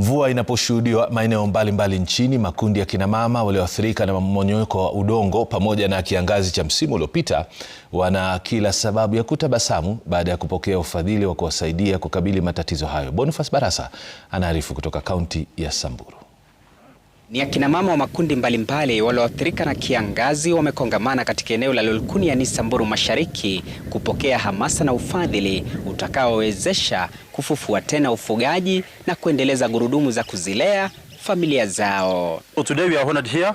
Mvua inaposhuhudiwa maeneo mbalimbali nchini, makundi ya kinamama walioathirika na mmonyoko wa udongo pamoja na kiangazi cha msimu uliopita wana kila sababu ya kutabasamu baada ya kupokea ufadhili wa kuwasaidia kukabili matatizo hayo. Boniface Barasa anaarifu kutoka kaunti ya Samburu. Ni akina mama wa makundi mbalimbali walioathirika na kiangazi wamekongamana katika eneo la Lulkuni ya Nisamburu Mashariki kupokea hamasa na ufadhili utakaowezesha kufufua tena ufugaji na kuendeleza gurudumu za kuzilea familia zao. So today we are honored here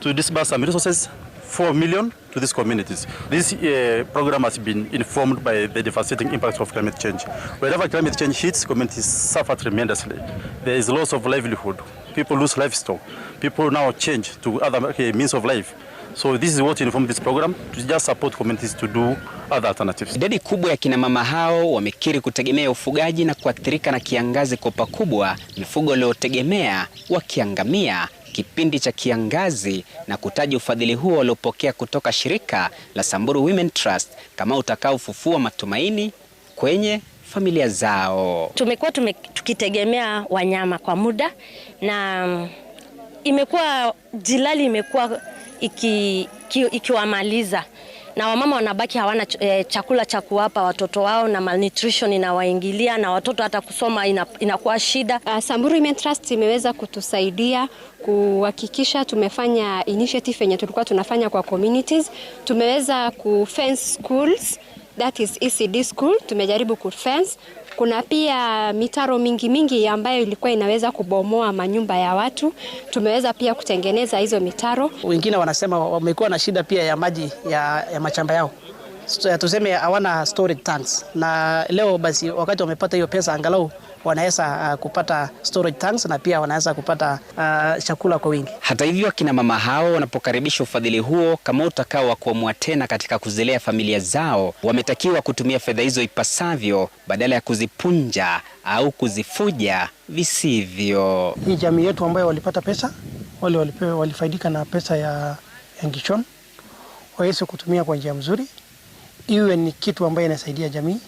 to disburse some resources 4 million to these communities. This uh, program has been informed by the devastating impacts of climate change. Wherever climate change hits, communities suffer tremendously. There is loss of livelihood. People lose livestock. People now change to other uh, means of life. So this is what informed this program to just support communities to do other alternatives. Idadi kubwa ya kina mama hao wamekiri kutegemea ufugaji na kuathirika na kiangazi kwa pakubwa, mifugo waliotegemea wakiangamia kipindi cha kiangazi na kutaja ufadhili huo waliopokea kutoka shirika la Samburu Women Trust kama utakaofufua matumaini kwenye familia zao. Tumekuwa tume, tukitegemea wanyama kwa muda na mm, imekuwa jilali imekuwa ikiwamaliza iki na wamama wanabaki hawana eh, chakula cha kuwapa watoto wao, na malnutrition inawaingilia na watoto hata kusoma inakuwa ina shida. Uh, Samburu Women Trust imeweza kutusaidia kuhakikisha tumefanya initiative yenye tulikuwa tunafanya kwa communities. Tumeweza kufence schools that is ECD school, tumejaribu kufence kuna pia mitaro mingi mingi ambayo ilikuwa inaweza kubomoa manyumba ya watu, tumeweza pia kutengeneza hizo mitaro. Wengine wanasema wamekuwa na shida pia ya maji ya, ya machamba yao tuseme hawana storage tanks, na leo basi wakati wamepata hiyo pesa angalau wanaweza uh, kupata storage tanks na pia wanaweza kupata uh, chakula kwa wingi. Hata hivyo, akina mama hao wanapokaribisha ufadhili huo kama utakao wa kuamua tena katika kuzilea familia zao, wametakiwa kutumia fedha hizo ipasavyo badala ya kuzipunja au kuzifuja visivyo. Hii jamii yetu ambayo walipata pesa wale walifaidika na pesa ya, ya waweze kutumia kwa njia mzuri iwe ni kitu ambayo inasaidia jamii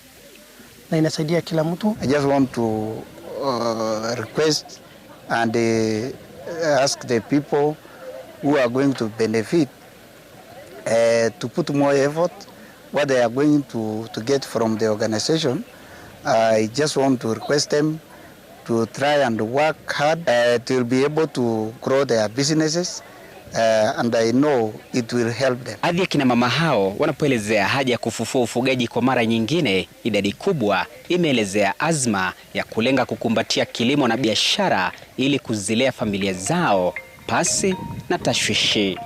na inasaidia kila mtu. I just want to uh, request and uh, ask the people who are going to benefit uh, to put more effort what they are going to, to get from the organization. I just want to request them to try and work hard uh, to be able to grow their businesses. Baadhi ya kina mama hao wanapoelezea haja ya kufufua ufugaji kwa mara nyingine, idadi kubwa imeelezea azma ya kulenga kukumbatia kilimo na biashara ili kuzilea familia zao pasi na tashwishi.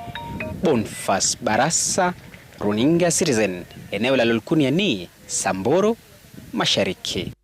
Bonfas Barasa, Runinga Citizen, eneo la lulkunia ni Samburu Mashariki.